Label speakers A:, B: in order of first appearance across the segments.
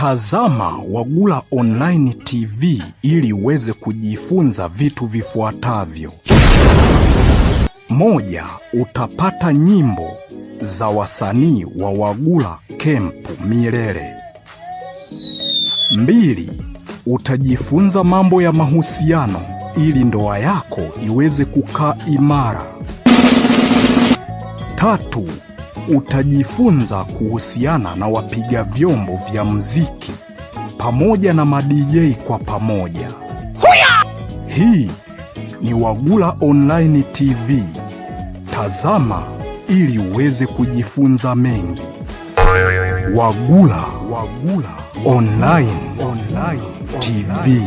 A: Tazama Wagula Online TV ili uweze kujifunza vitu vifuatavyo. Moja, utapata nyimbo za wasanii wa Wagula Camp Milele. Mbili, utajifunza mambo ya mahusiano ili ndoa yako iweze kukaa imara. Tatu, utajifunza kuhusiana na wapiga vyombo vya muziki pamoja na madj kwa pamoja. Huya! Hii ni Wagula Online TV. Tazama ili uweze kujifunza mengi. Wagula, Wagula Online, Online TV.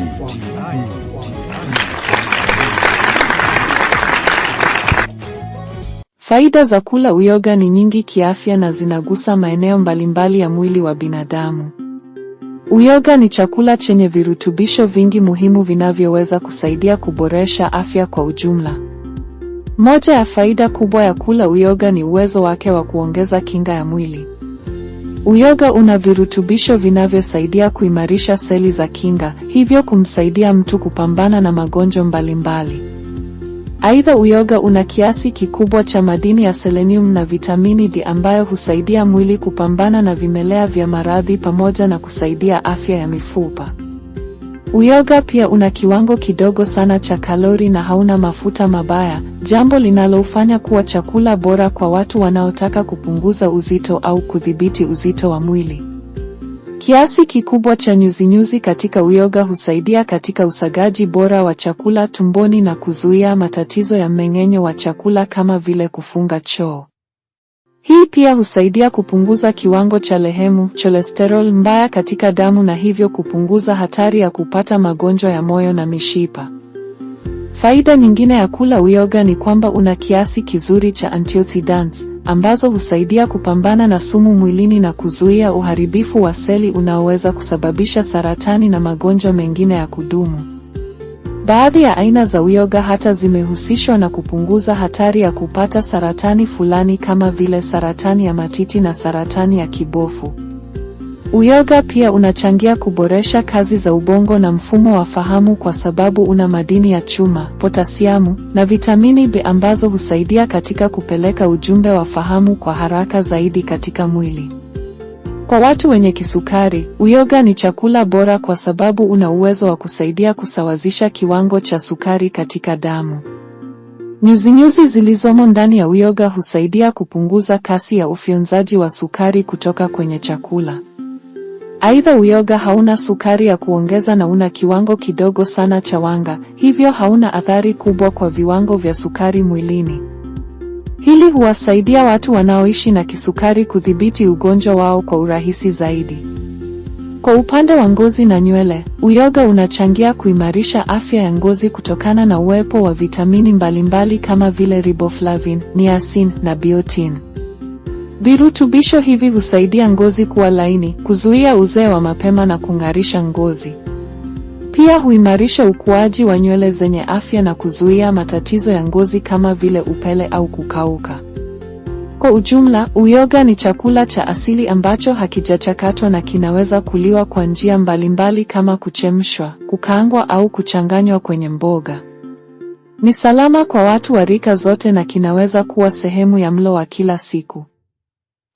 A: Faida za kula uyoga ni nyingi kiafya na zinagusa maeneo mbalimbali ya mwili wa binadamu. Uyoga ni chakula chenye virutubisho vingi muhimu vinavyoweza kusaidia kuboresha afya kwa ujumla. Moja ya faida kubwa ya kula uyoga ni uwezo wake wa kuongeza kinga ya mwili. Uyoga una virutubisho vinavyosaidia kuimarisha seli za kinga, hivyo kumsaidia mtu kupambana na magonjwa mbalimbali. Aidha, uyoga una kiasi kikubwa cha madini ya selenium na vitamini D ambayo husaidia mwili kupambana na vimelea vya maradhi pamoja na kusaidia afya ya mifupa. Uyoga pia una kiwango kidogo sana cha kalori na hauna mafuta mabaya, jambo linaloufanya kuwa chakula bora kwa watu wanaotaka kupunguza uzito au kudhibiti uzito wa mwili. Kiasi kikubwa cha nyuzinyuzi katika uyoga husaidia katika usagaji bora wa chakula tumboni na kuzuia matatizo ya mmeng'enyo wa chakula kama vile kufunga choo. Hii pia husaidia kupunguza kiwango cha lehemu cholesterol mbaya katika damu na hivyo kupunguza hatari ya kupata magonjwa ya moyo na mishipa. Faida nyingine ya kula uyoga ni kwamba una kiasi kizuri cha antioxidants ambazo husaidia kupambana na sumu mwilini na kuzuia uharibifu wa seli unaoweza kusababisha saratani na magonjwa mengine ya kudumu. Baadhi ya aina za uyoga hata zimehusishwa na kupunguza hatari ya kupata saratani fulani kama vile saratani ya matiti na saratani ya kibofu. Uyoga pia unachangia kuboresha kazi za ubongo na mfumo wa fahamu kwa sababu una madini ya chuma, potasiamu na vitamini B ambazo husaidia katika kupeleka ujumbe wa fahamu kwa haraka zaidi katika mwili. Kwa watu wenye kisukari, uyoga ni chakula bora kwa sababu una uwezo wa kusaidia kusawazisha kiwango cha sukari katika damu. Nyuzinyuzi zilizomo ndani ya uyoga husaidia kupunguza kasi ya ufyonzaji wa sukari kutoka kwenye chakula. Aidha, uyoga hauna sukari ya kuongeza na una kiwango kidogo sana cha wanga, hivyo hauna athari kubwa kwa viwango vya sukari mwilini. Hili huwasaidia watu wanaoishi na kisukari kudhibiti ugonjwa wao kwa urahisi zaidi. Kwa upande wa ngozi na nywele, uyoga unachangia kuimarisha afya ya ngozi kutokana na uwepo wa vitamini mbalimbali kama vile riboflavin, niacin na biotin. Virutubisho hivi husaidia ngozi kuwa laini, kuzuia uzee wa mapema na kung'arisha ngozi. Pia huimarisha ukuaji wa nywele zenye afya na kuzuia matatizo ya ngozi kama vile upele au kukauka. Kwa ujumla, uyoga ni chakula cha asili ambacho hakijachakatwa na kinaweza kuliwa kwa njia mbalimbali kama kuchemshwa, kukaangwa au kuchanganywa kwenye mboga. Ni salama kwa watu wa rika zote na kinaweza kuwa sehemu ya mlo wa kila siku.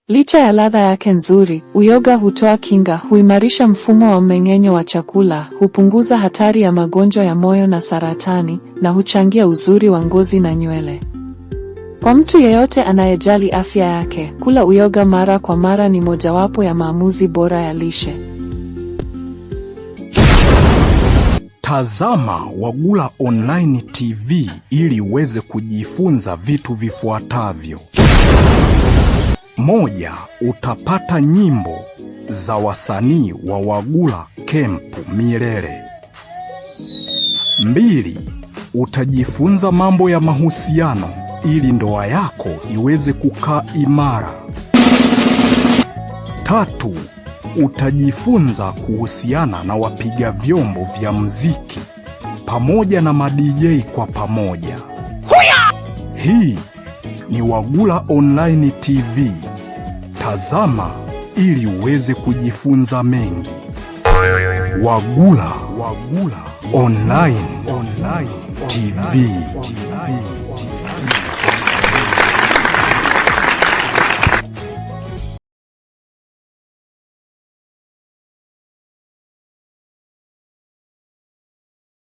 A: Licha ya ladha yake nzuri, uyoga hutoa kinga, huimarisha mfumo wa mmeng'enyo wa chakula, hupunguza hatari ya magonjwa ya moyo na saratani, na huchangia uzuri wa ngozi na nywele. Kwa mtu yeyote anayejali afya yake, kula uyoga mara kwa mara ni mojawapo ya maamuzi bora ya lishe.
B: Tazama Wagula Online TV ili uweze kujifunza vitu vifuatavyo moja utapata nyimbo za wasanii wa Wagula Kempu Milele. Mbili, utajifunza mambo ya mahusiano ili ndoa yako iweze kukaa imara. Tatu, utajifunza kuhusiana na wapiga vyombo vya muziki pamoja na madijei kwa pamoja. Huya! Hii ni Wagula Online TV. Tazama ili uweze kujifunza mengi. Wagula Wagula Online, Online TV. TV.